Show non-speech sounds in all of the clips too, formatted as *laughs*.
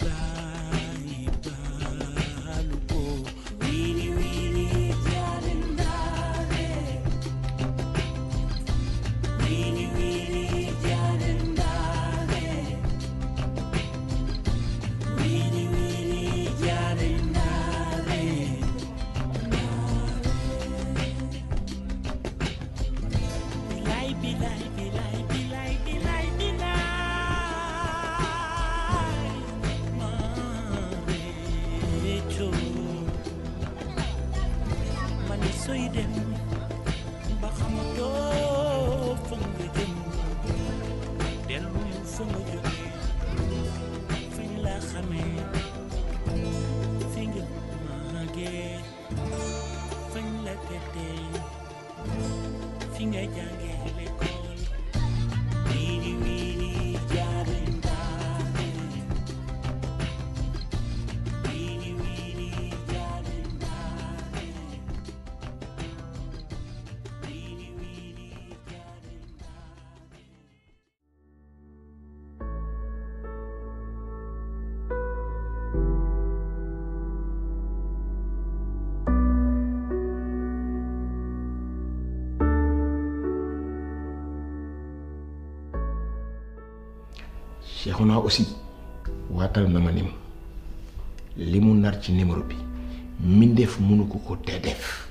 Libra. Corona aussi waatal na ma ni ma li mu nar ci numéro bi mbindeef mënu ko ko tee def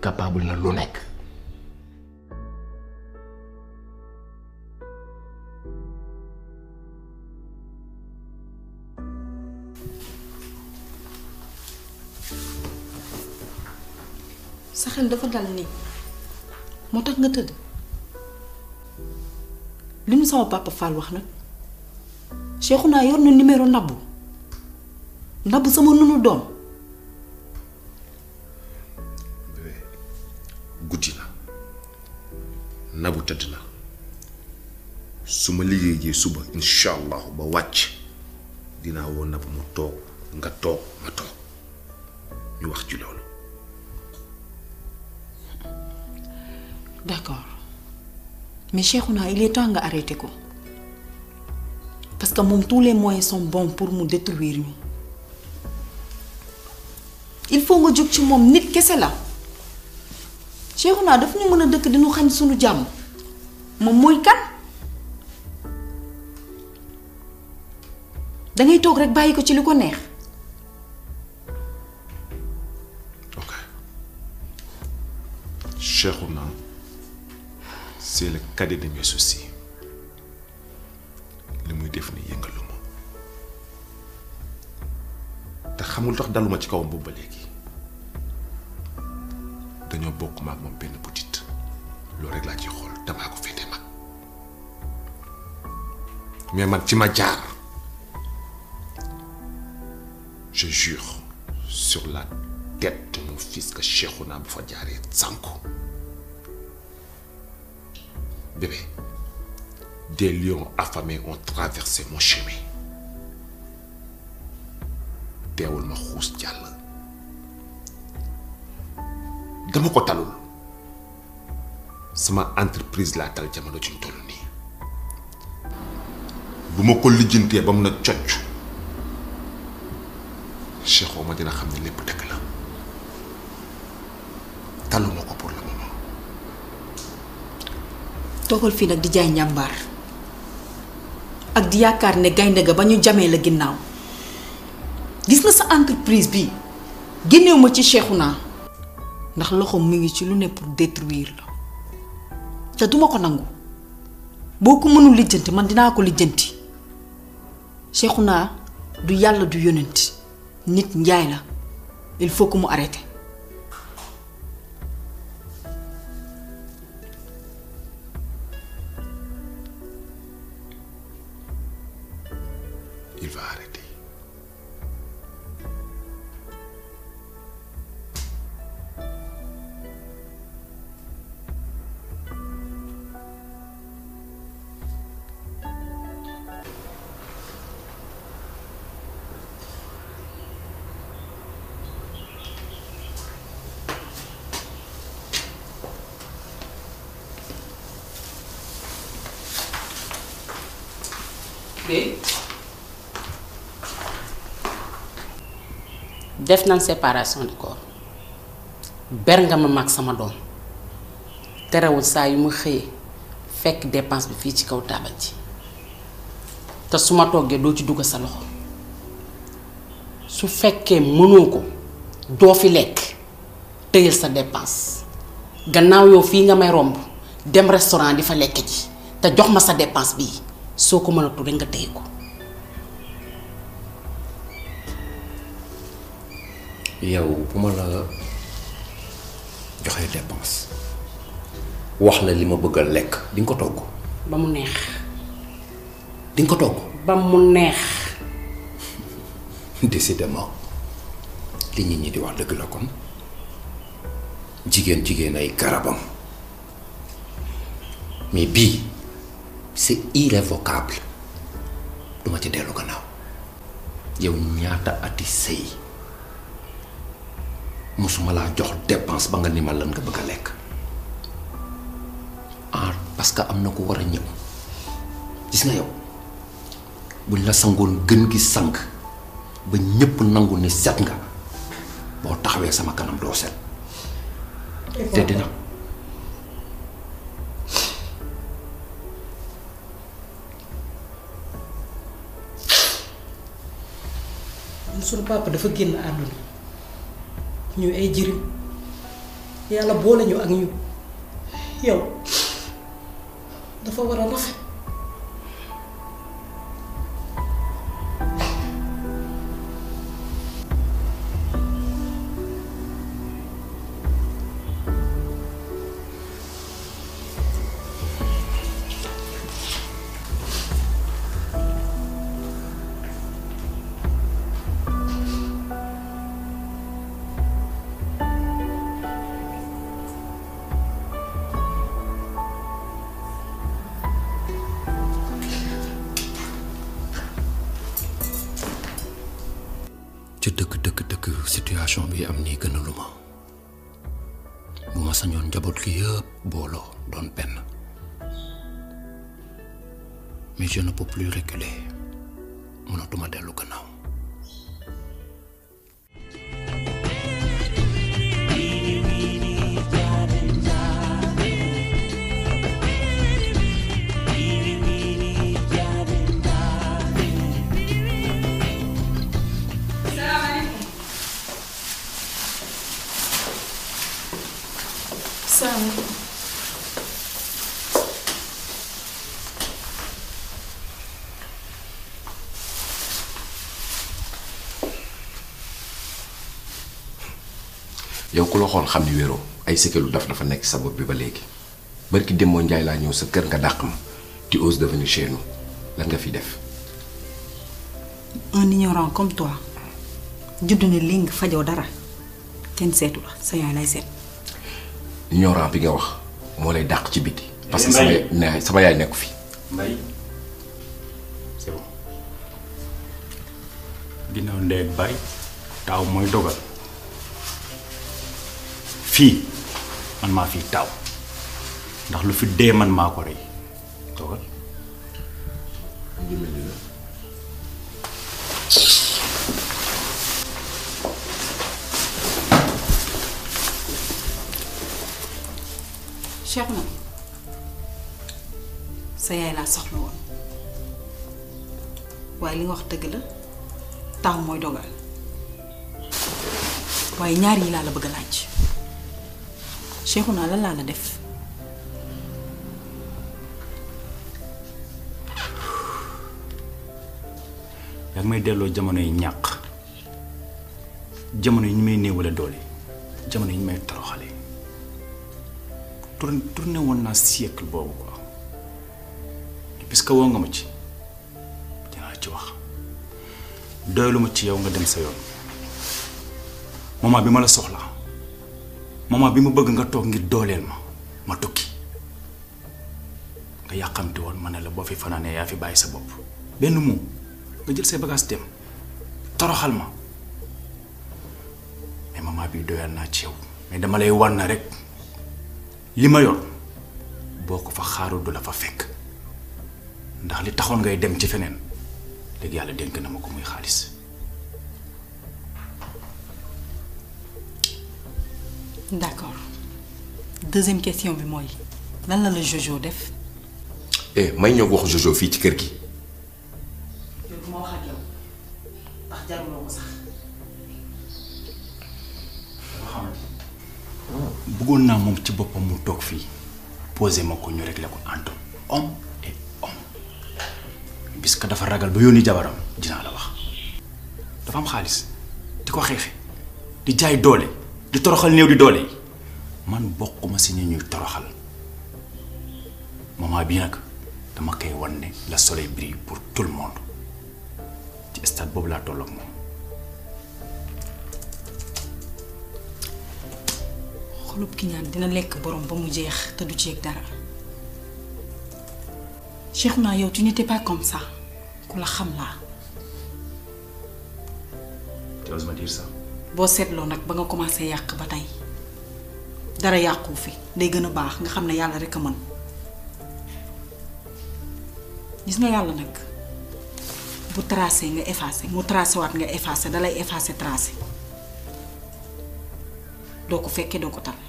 capable na lu nekk. sa xel dafa dal nii moo tax nga tëdd. sama papa Fall wax nag Cheikhouna yor na numéro ndabbu ndabbu sama nunu doom guddi na nabu tëdd na su ma liggéeyee suba incha ba wàcc dinaa woo nabu mu toog nga toog ma toog ñu wax ci loolu d'accord mais Cheikhouna naa est temps nga arrêté ko parce que moom tous les moyens sont pour mu détruire ñu il faut nga jóg ci moom nit kese la Cheikhouna daf ñu mën a dëkk dinu xañ sunu jàmm moom mooy kan dangay toog rek bàyyi ko ci li ko neex ok Cheikhouna c'est le cadet li muy def ni yëngalu ma te xamul tax daluma ci kaw boobu ba léegi dañoo bokk maag moom benn butit loolu rek laa ci xool damaa ko mag mais man ci ma jaar je jure sur la tête de mon fils que bu fa jaaree sànku Bébé, des lions affamés ont traversé mon chemin teewul ma xuus jàll dama ko talul sama entreprise laa tal jamono juñ toll nii bu ma ko lijjantee ba mun a cocc Cheikh ma dina xam ne lépp dëgg la. toogal fii nag di jaay njàmbaar ak di yaakaar ne gaynde ga ba ñu jamee la ginnaaw gis nga sa entreprise bi génnew ma ci naa ndax loxo mu ngi ci lu ne pour détruire la te duma ko nangu boo ko mënul lijjanti man dinaa ko lijjanti naa du yàlla du yonent nit njaay la il faut que mu arrêté def nañ séparation du corps ber nga ma mag sama doom terewul saa yu ma xëyee fekk depanse bi fii ci kaw taabal ji te su ma toggee doo ci dugg sa loxo su fekkee mënoo ko doo fi lekk tëyal sa depanse gannaaw yow fii nga may romb dem restaurant di fa lekk ci te jox ma sa dépense bi soo ko mënatul rek nga tëye ko. yow bu ma la joxee dépense wax la li ma bëgg a lekk di ko togg. ba mu neex. di ko togg. ba mu neex. *laughs* décidément li nit ñi di wax dëgg la kon jigéen jigéen ay garabam mais bi c'est irrévocable duma ci dellu gannaaw yow ñaata ati sëy mosuma laa jox dépense ba nga ni ma lan nga bëgg a lekk ah parce que am na ku war a ñëw gis nga yow buñ la sangoon gën gi sang ba ñépp nangu ne set nga boo taxawee sama kanam doo set te dina ñuy ay jirim yàlla boole ñu ak ñu yow dafa war a rafet bu plus reculé mënatuma dellu gannaaw yow ku la xool xam ni wéroo ay sékkalu daf dafa nekk sa bopp bi ba léegi barki Demba Ndiaye laa ñëw sa kër nga dàq ma tu oses de venir chez nous lan nga fi def. un ignorant comme toi judd ne lii fajoo dara kenn seetu la sa yaay lay seet. ignorant bi nga wax moo lay dàq ci biti. parce que sama yaay sama yaay nekku fi. Mbaye mooy dogal. fii man maa fii taw ndax lu fi dee man maa ko rey toogal Cheikh na sa yaay laa soxla woon waaye li nga wax tëgg la taw mooy dogal waaye ñaar yi laa la bëgg a Cheikhouna lan laa la def. yaa ngi may delloo jamono yi ñàkk jamono yi ñu may néewale doole jamono yi ñu may toroxale tourné tourné woon naa siècle boobu quoi puisque woo nga ma ci dinaa ci wax doylu ma ci yow nga dem sa yoon moment bi ma la soxla maman bi ma bëgg nga toog ngir dooleel ma ma tukki nga yàqamti woon ma ne la boo fi fanaanee yaa fi bàyyi sa bopp benn mu nga jël say bagages dem toroxal ma mais maman bi doyal naa ci yow mais dama lay wan na rek li ma yor boo ko fa xaarul du la fa fekk ndax li taxoon ngay dem ci feneen léegi yàlla dénk na ma ko muy xaalis d'accord deuxième question bi mooy lan la la Jojo def. eh may ñëw wax Jojo fii ci kër gi. yow du ma bëggoon naa moom ci boppam mu toog fii posé ma ko ñu réglé ko entre homme et homme bis dafa ragal ba yónni jabaram dinaa la wax dafa am xaalis di ko xeexe di jaay doole. di toroxal néew di doole yi man ma si ñi ñuy toroxal moment bii nag dama koy wan ne le soleil brille pour tout le monde ci stade boobu laa tolloog moom. xolub ki ñaan dina lekk borom ba mu jeex te du ci dara Cheikh naa yow tu n'étais pas comme ça ku la xam laa. Tu boo seetloo nag ba nga commencé yàq ba tey dara yàqu fi day gën a baax nga xam ne yàlla rek a mën gis nga yàlla nag bu tracé nga effacé mu tracé waat nga effacé dalay effacé tracé doo ko fekkee doo ko tal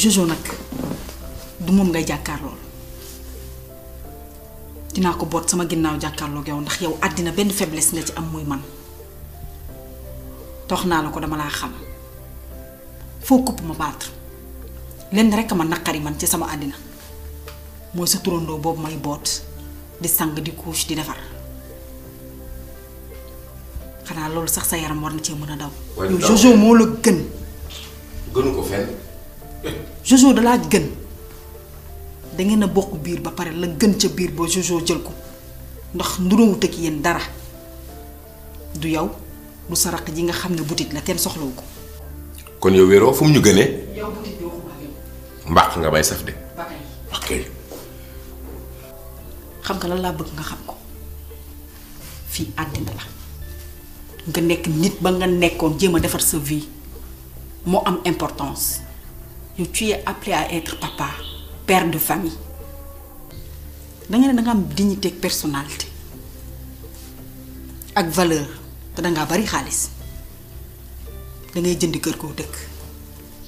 Jojo nag du moom ngay jàkkaar lool dinaa ko boot sama ginnaaw jàkkaarloog yow ndax yow àddina benn faiblesse nga ci am muy man te wax naa la ko dama laa xam foo kupp baat battre lenn rek ma naqari man ci sama àddina mooy sa turandoo boobu may boot di sang di couche di defar xanaa loolu sax sa yaram war na cee mën a daw. yow Jojo moo la gën. gënu dalaa gën. da ngeen a bokk biir ba pare la gën ca biir ba Jojo jël ko ndax nduroowut ak yéen dara du yow du sa ji nga xam ne butit la kenn soxlawu ko. kon yow wéroo fu mu ñu gënee. yow mbaq nga bay saf de. xam nga lan laa bëgg nga xam ko fii àddina la nga nekk nit ba nga nekkoon jéem a defar sa vie moo am importance yow tu es à être papa. per de famille da nga ne da am dignité ak valeur te da ngaa bari xaalis dangay jënd kër koo dëkk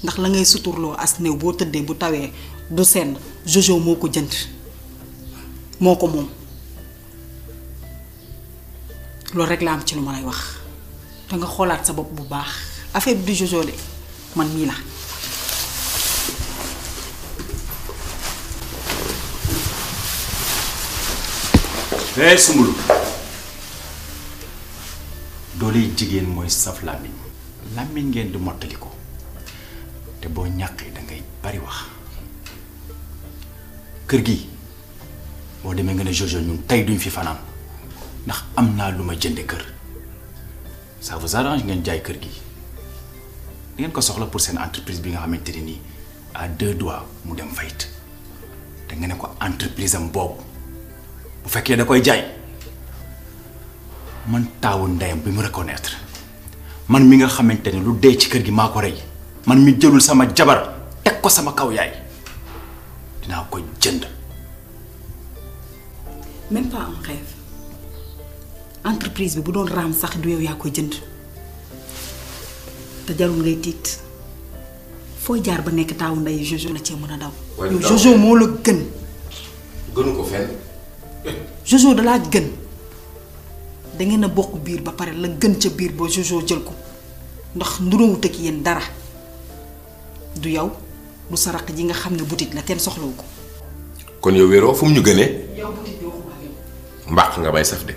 ndax la ngay suturloo as néew boo tëddee bu tawee du senn jojo moo ko jënd moo ko moom loolu rek laa am ci lu ma lay wax da nga xoolaat sa bopp bu baax affaire bi du jojo de man mii la. hey Soumboulou dooley jigéen mooy saf làmmiñ làmmiñ ngeen di mottali ko te boo ñàqee da ngay bari wax kër gi boo demee nga ne Jojo ñun tey duñ fi fanaan ndax am naa lu ma jënde kër ça vous arrange ngeen jaay kër gi di ngeen ko soxla pour seen entreprise bi nga xamante ne nii à deux doigts mu dem fayit te nga ne ko entreprise am boobu bu fekkee da koy jaay man taawu ndeyam bi mu reconnaître man mi nga xamante ne lu dee ci kër gi maa ko rey man mi jëlul sama jabar teg ko sama kaw yaay dinaa ko jënd. même pas un rêve entreprise bi bu doon raam sax du yow yaa koy jënd te jarul ngay tiit foo jaar ba nekk taawu ndey Jojo la cee mën a daw. yow moo la gën. Jojo da laa gën da ngeen bokk biir ba pare la gën ca biir ba Jojo jël ko ndax nuroowut ak yéen dara du yow du sa raq ji nga xam ne butit la kenn soxlawu ko. kon yow wéeroo fu mu ñu gënee. yow butit mbaq nga bay saf de.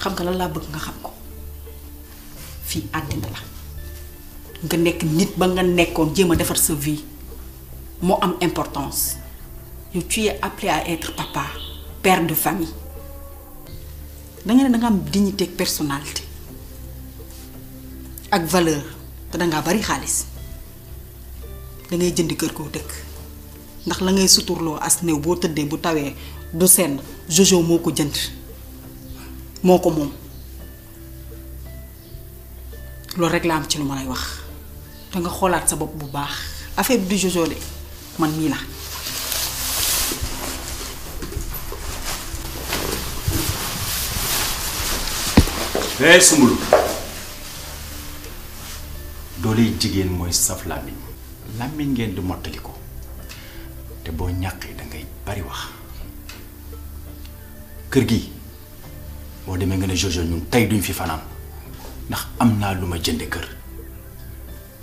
xam nga lan laa bëgg nga xam ko fii àddina la nga nekk nit ba nga nekkoon jéem a defar sa vie moo am importance. yow tu es appelé à être papa père de famille danga nga ne da am dignité ak valeur te da ngaa bari xaalis dangay jënd kër koo dëkk ndax la ngay suturloo as néew boo tëddee bu tawee du senn jojo moo ko jënd moo ko moom loolu rek la am ci lu ma lay wax te nga xoolaat sa bopp bu baax affaire bi du jojo de man mii la. eh Soumboulou dooley jigéen mooy saf làmmiñ làmmiñ ngeen di mottali ko te boo ñàqee da ngay bari wax kër gi boo demee nga ne Jojo ñun tey duñ fi fanaan ndax am naa lu ma jënde kër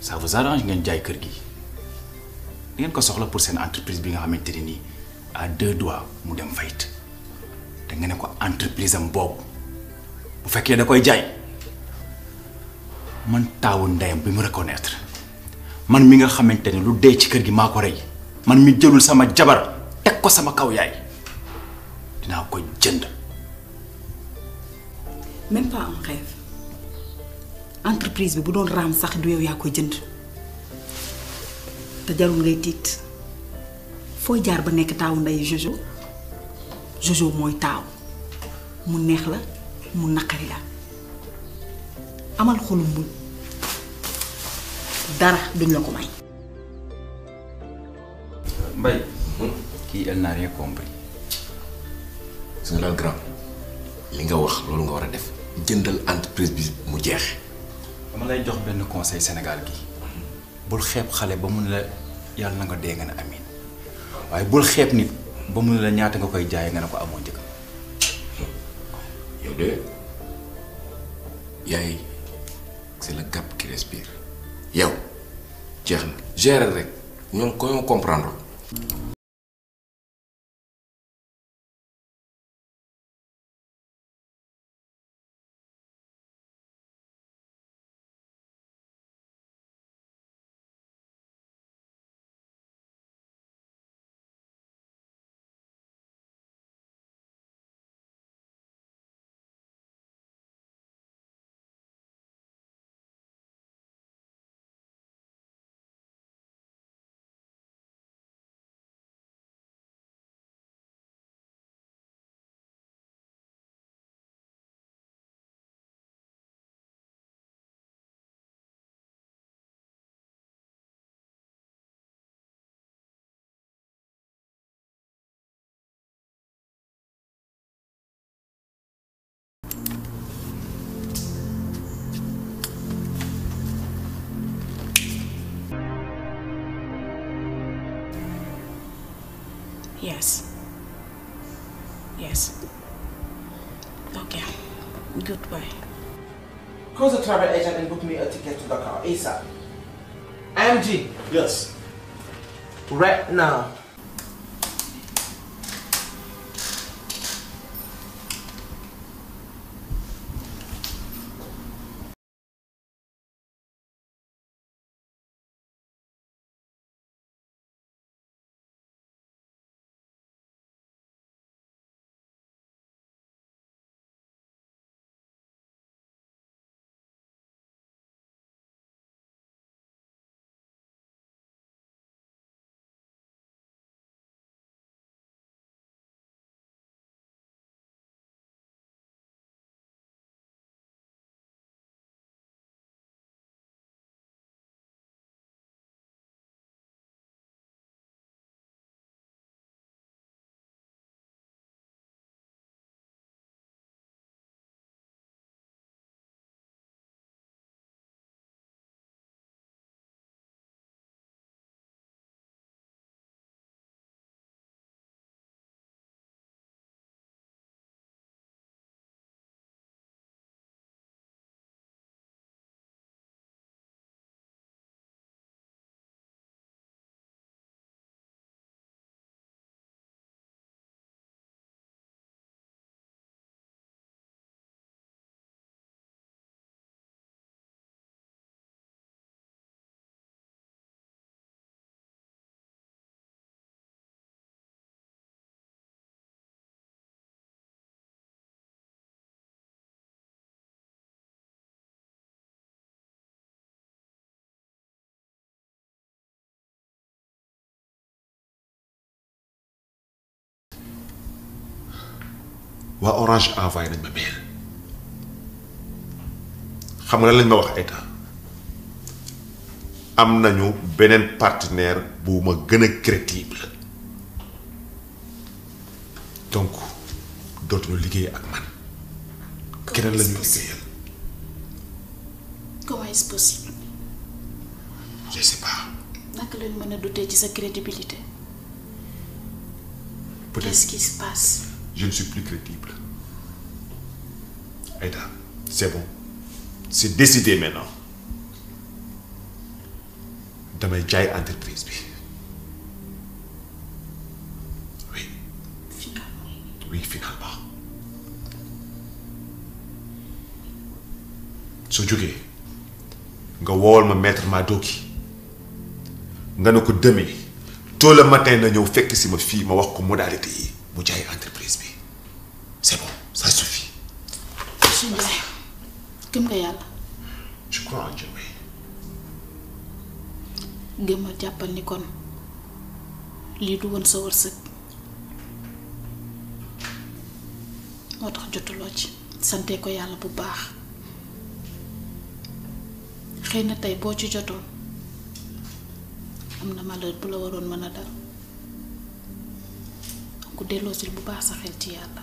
ça vous arrange ngeen jaay kër gi di ko soxla pour seen entreprise bi nga xamante ne nii à deux doit mu dem fayit te nga ne ko entreprise am boobu bu fekkee da koy jaay man taawu ndeyam bi mu reconnaître man mi nga xamante ne lu dee ci kër gi maa ko rey man mi jëlul sama jabar teg ko sama kaw yaay dinaa ko jënd. même pas un rêve entreprise bi bu doon raam sax du yow yaa koy jënd te jarul ngay tiit fooy jaar ba nekk taawu ndeyu Jojo Jojo mooy taaw mu neex la. mu naqari la amal xolum muñ dara duñ la ko may. Mbaye. kii elle n'a rien grand li nga wax loolu nga war a def jëndal entreprise bi mu jeex. dama lay jox benn conseil Sénégal gi bul xeeb xale ba mu ne la yàlla na nga dee nga ne amiin waaye bul xeeb nit ba mu ne la ñaata nga koy jaayee nga ne ko amoon njëkk. yaay c'est le gap qui respire yow jeex na gérer rek ñoom ko comprendre Yes. Yes. Goodbye. Call travel agent and book me a ticket to Dakar ASAP. MG. Yes. Right now. waa orange envoy nañ ma mail xam nga lañ ma wax ay am nañu beneen partenaire bu ma gën a crédible dootu dootuñu liggéey ak man. keneen la ñuy liggéeyal. comment naka lañ mën a douter ci sa crédibilité. peut je ne plus crédible. Aïda, c'est bon. C'est décidé maintenant. damay jaay entreprise bi oui. finalement soo jógee nga wool ma maître Madoki nga ne ko demee tôt le matin na ñëw fekk si ma fii ma wax ko modalité yi mu jaay entreprise bi. suñu Ousseyn nga yàlla. je crois en Dieu oui. gëmmal jàppal ni kon lii du woon sa wërsëg moo tax jotuloo ci santee ko yàlla bu baax xëy na tey boo ci jotoon am na malheur bu la waroon mën a dal ku delloosil bu baax sa xel ci yàlla.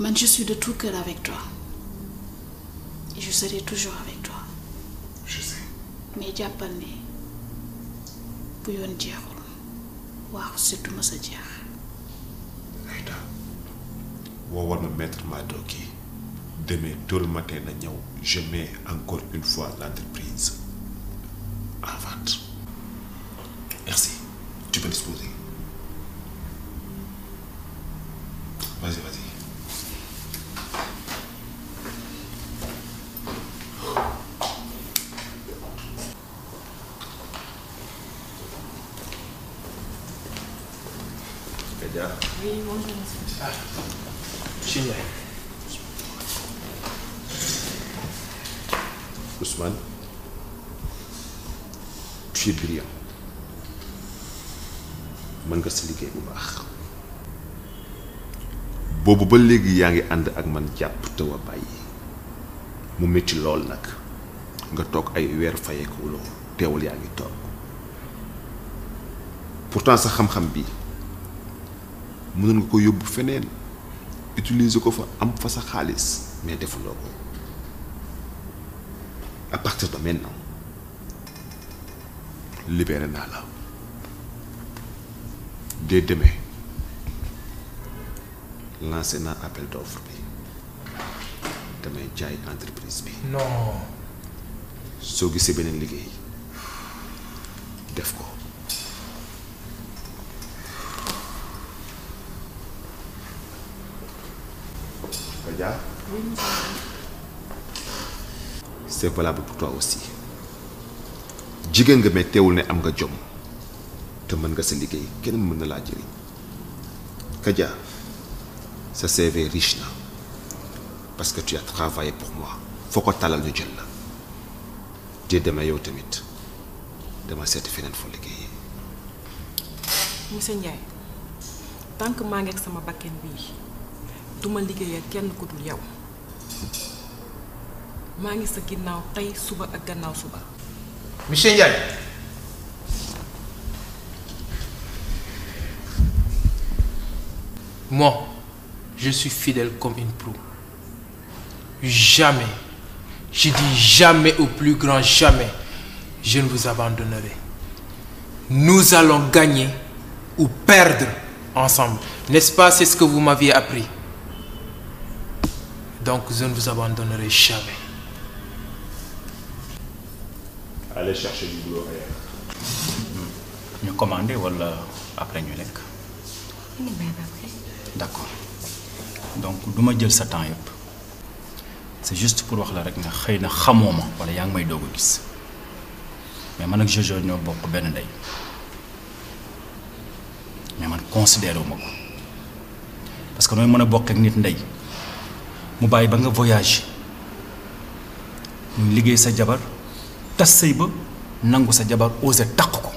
man je suis de tout cœur avec toi et je serai toujours avec toi. mais jàppal ne bu yoon jeexul waaw surtout ma sa jeex. Aïda woowoon na maître Madoki demee tôt matin na ñëw je encore une fois l'entreprise en mën nga si bu baax boobu ba léegi yaa ngi ànd ak man jàpp te bàyyi mu métti lool nag nga toog ay weer fayeekuloo teewul yaa ngi toog pourtant sa xam-xam bi mënoon nga ko yóbbu feneen utilise ko fa am fa sa xaalis mais defuloo ko à partir de maintenant libéré naa la dès demain lancé naa appel d'offre damay jaay entreprise bi. non. soo gisee beneen liggéey def ko. Adja. c'est valable pour toi aussi. jigéen nga mais teewul ne am nga jom. te mën nga sa liggéey kenn mën na laa jëriñ Kadia parce que tu foo ko talal ñu jël la te yow tamit dama seeti feneen foo liggéeyee. monsieur tant que maa ngi ak sama bakken bii duma liggéey kenn ku dul yow maa ngi sa ginnaaw tey suba ak gannaaw suba. Moi, je suis fidèle comme une proue. Jamais, je dis jamais au plus grand jamais, je ne vous abandonnerai. Nous allons gagner ou perdre ensemble. N'est-ce pas, c'est ce que vous m'aviez appris. Donc, je ne vous abandonnerai jamais. Allez chercher du boulot réel. ñu après ñu lekk. d'accord donc du ma jël sa temps yëpp c'est juste pour wax la rek nga xëy na xamoo ma wala yaa ngi may doog gis mais man ak Jojo ñoo bokk benn ndey mais man considéré ma ko parce que nooy mën a bokk nit ndey mu bàyyi ba nga voyage ñu liggéey sa jabar tas sëy ba nangu sa jabar ose taq ko.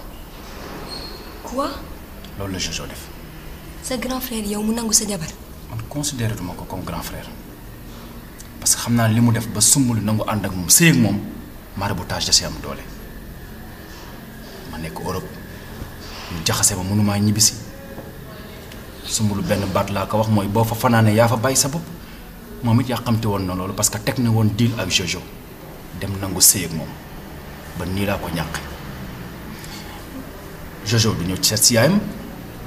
quoi. loolu la Jojo def. sa grand frère yow mu nangu sa jabar. man considéré ma ko comme grand frère parce que xam naa li mu def ba sumbulu nangu ànd ak moom sëy ak moom maraboutage da si am doole nekk Europe ñu jaxase ma mënumaa ñibbisi sumbulu benn baat laa ko wax mooy boo fa fanaane yaa fa bàyyi sa bopp moom it yàqamte woon na loolu parce que teg na woon deal ak Jojo dem nangu sëy ak moom ba nii du ñëw ci seet si yaayam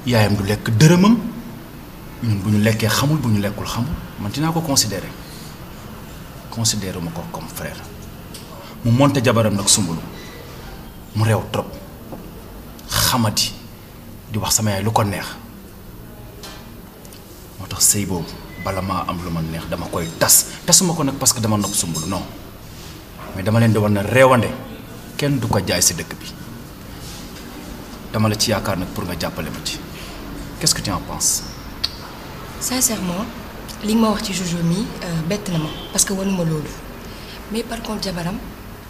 yaayam du lekk dërëmam ñun bu ñu lekkee xamul bu ñu lekkul xamul man dinaa ko considéré considéré ma ko comme frère mu monte jabaram nag sumbulu mu réew trop xamati di wax sama yaay lu ko neex moo tax sëy boobu bala maa am lu ma neex dama koy tas tasuma ko nag parce que dama nopp sumbulu non mais dama leen di wan na réewande kenn du ko jaay si dëkk bi dama la ci yaakaar nag pour nga jàppale ma ci qu'est-ce que tu en penses. li nga ma wax ci Jojo mi euh, bett na ma parce que wanu ma loolu mais par contre jabaram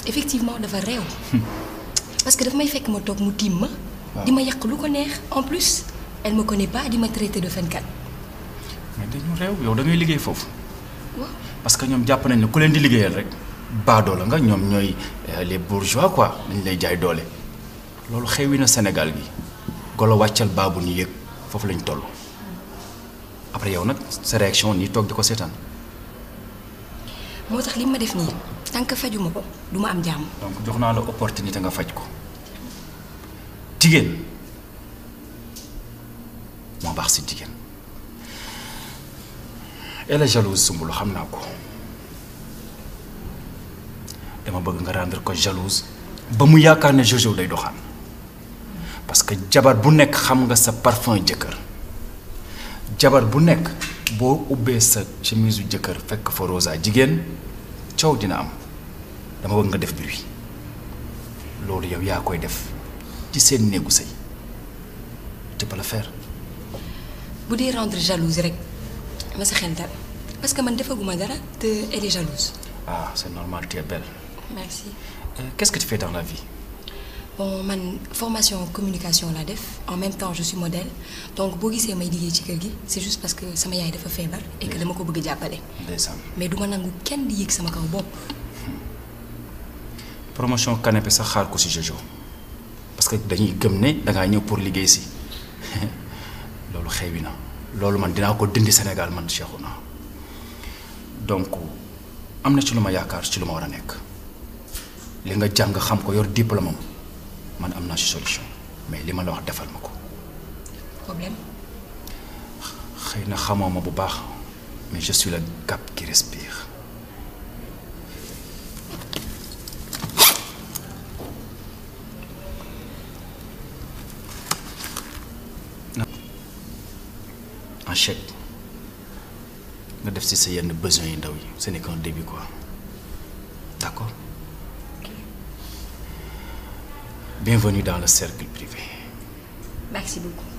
effectivement dafa réew. Hmm. parce que daf may fekk ma toog mu tiim ma. Ah. di ma yàq lu ko neex en plus elle me connaît pas di ma traité de fenkat. mais dañu réew yow da liggéey foofu. waaw parce que ñoom jàpp nañ ne ku leen di liggéeyal rek. baadoola nga ñoom ñooy euh, les bourgeois quoi dañ lay jaay doole loolu xewi na Sénégal gi golo wàccal baabu ni yëg foofu lañu toll après yow nag sa réaction nii toog ko seetaan. moo tax li ma def nii tant que fajuma ko duma ma am jàmm. donc jox naa la opportunité nga faj ko jigéen moo baax si jigéen elle est jalouse Soumboulou xam naa ko dama bëgg nga rendre ko jalouse ba mu yaakaar ne Jojo day doxaan. parce que jabar bu nekk xam nga sa parfum jëkkër jabar bu nekk boo ubbee sa chemise jëkkër fekk fa rosa jigéen coow dina am dama bëgg nga def bruit loolu yow yaa koy def ci seen néegu sëy tu peux le faire. bu dee rendre jalouse rek ma sa xel dal parce que man defaguma dara te elle est jalouse. ah c'est normal tu es belle. merci. Euh, quest que tu fais dans la vie. bon man formation communication laa def en même temps je suis modèle donc boo gisee may liggéey ci kër gi c' est juste parce que sama yaay dafa feebar. et dama ko bëgg jàppale. mais du ma nangu kenn di yéeg sama kaw bopp. Hmm. promotion canapé sax xaar ko si Jojo parce que dañuy gëm ne da ñëw pour liggéey si *laughs* loolu xewi na loolu man dinaa ko dindi Sénégal man Cheikhouna donc am na ci lu ma yaakaar ci lu ma war a nekk li nga jàng xam ko yor diplôme am man am naa si solution mais li ma la wax defal ma ko. problème. xëy na xamoo ma bu baax mais je suis le cap qui respire. en nga def si sa yenn besoins yu ndaw yi ce n'est qu'un début Bienvenue dans le cercle privé. Merci beaucoup.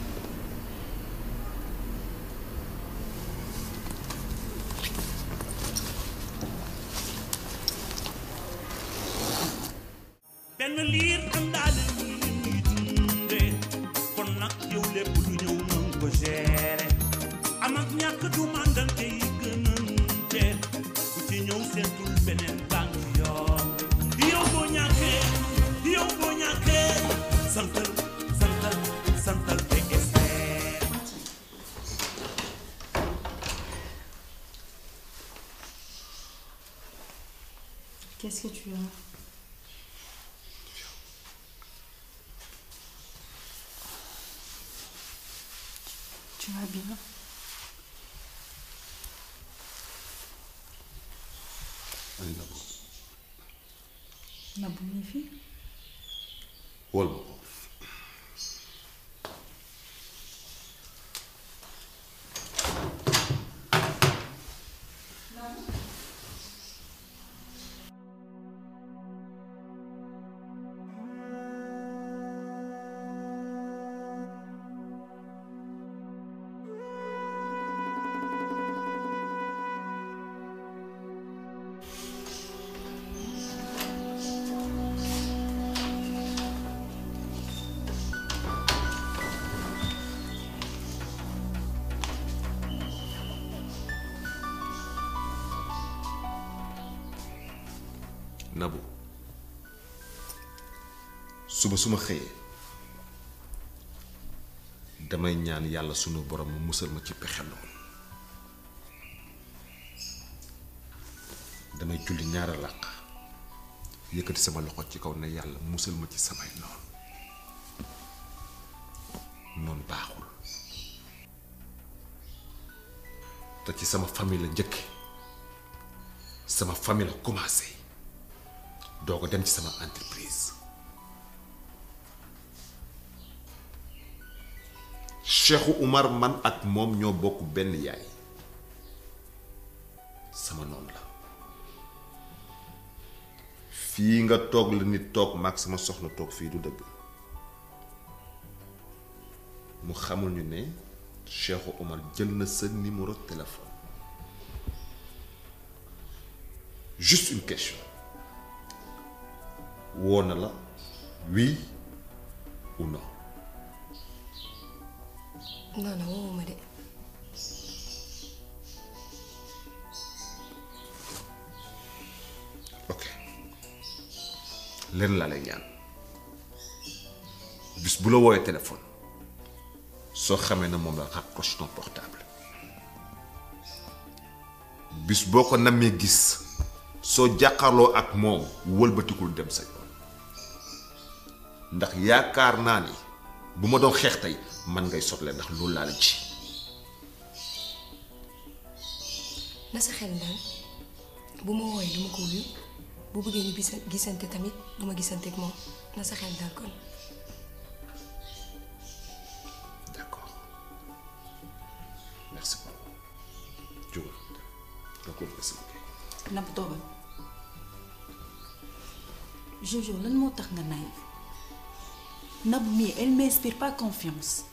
suba su ma xëyee damay ñaan yàlla sunu borom mu musal ma ci pexe noonu damay julli ñaara làq yëkkati sama loxo ci kaw ne yàlla musal ma ci samay noonu noonu baaxul te ci sama famille la njëkk sama famille la commencé doo ko dem ci sama entreprise Cheikhu Umar man ak moom ñoo bokk benn yaay sama noonu la fii nga toog la nit toog maag sama soxna toog fii du dëgg mu xamul ñu ne Cheikhu Umar jël na sa numéro téléphone juste une question woo na la oui ou non non lenn laa lay ñaan bis bu la wooyee téléphone soo xamee na moom la raccroche ton bis boo ko namee gis soo jàkkaarloo ak moom wëlbatikul dem sa yoon ndax yaakaar naa ni. bu ma doon xeex tey man ngay sotle ndax loolu laa la na sa xel daal bu ma wooyee du ma ko wuyu bu gisante tamit du ma gisante ak moom na sa xel daal kon. d'accord merci beaucoup. Diouf lan moo tax nga naaj. Nabou mii elle m'inspire pas confiance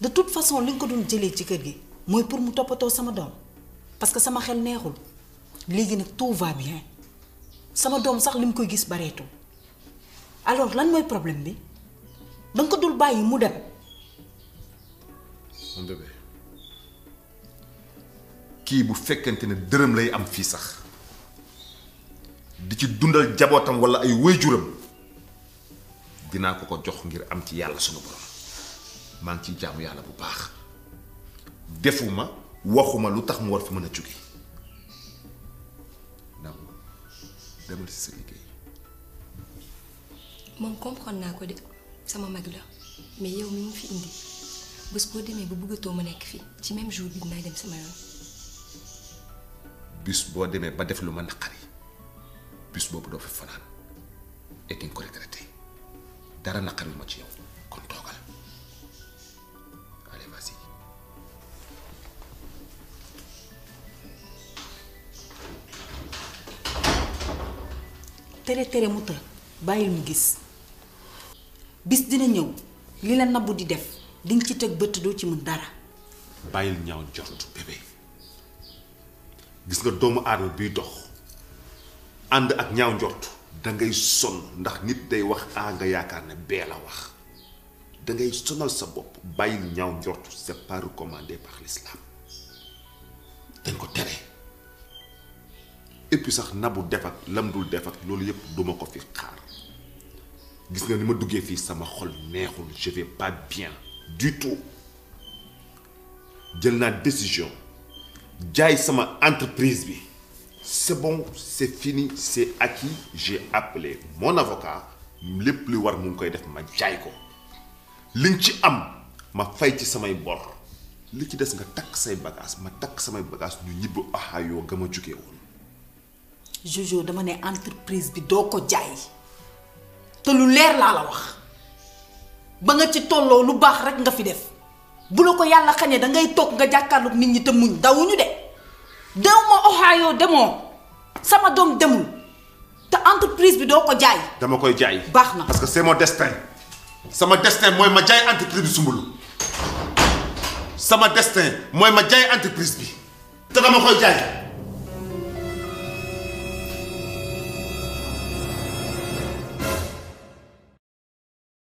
de toute façon li nga ko doon jëlee ci kër gi mooy pour mu toppatoo sama doom parce que sama xel neexul léegi nag tout va bien sama doom sax li mu koy gis bareetul alors lan mooy problème bi da ko dul bàyyi mu dem. mon bébé kii bu fekkente ne dërëm lay am fii sax di ci dundal jabootam walla ay waajuram dinaa ko ko jox ngir am ci yàlla sunu borom maa ngi ciy jaamu yàlla bu baax defuma waxuma lu tax mu war fi mën a jóge ndax demal si sa liggéey. moom comprendre naa ko de sama mag la mais yow mi ngi fi indi bés boo demee ba bëggatoo ma nekk fii ci même jour bi dinaa dem sama yoon. bis boo demee ba def lu ma naqari bis boobu doo fi fanaan et di nga dara naqari ma ci yow kon toogal allez vas tere tere mu të bàyyil mu gis bis dina ñëw li la nabbu di def dinga ci teg bët ci mën dara bàyyil ñaaw njort bébé gis nga doomu aadama biy dox ànd ak ñaaw njort da ngay sonn ndax nit day wax A nga yaakaar ne bee la wax da ngay sonal sa bopp bàyyil ñaaw njortu c'est pas recommandé par l'islam dañ ko tere et puis sax nabu def ak lam dul def ak loolu yëpp duma ko fi xaar gis nga ni ma duggee fii sama xol neexul je vais bien du tout jël naa décision jaay sama entreprise bi. c'est bon c'est fini c'est acquis j'ai appelé mon avocat lépp lu war mu ngi koy def ma jaay ko li nga ci am ma fay ci samay bor li ci des nga takk say bagages ma takk samay bagages ñu ñibbi Ohio ga ma jóge woon. Jojo dama ne entreprise bi doo ko jaay te lu leer laa la wax ba nga ci tolloo lu baax rekk nga fi def bu la ko yàlla xañee da ngay toog nga jàkkaarloog nit ñi te muñ dawuñu de. dew ma Ohio demoo sama doom demul te entreprise bi doo ko jaay. dama koy jaay. baax na parce que c'est mon destin. sama destin mooy ma jaay entreprise bi Soumboulou sama destin mooy ma jaay entreprise bi te dama koy jaay.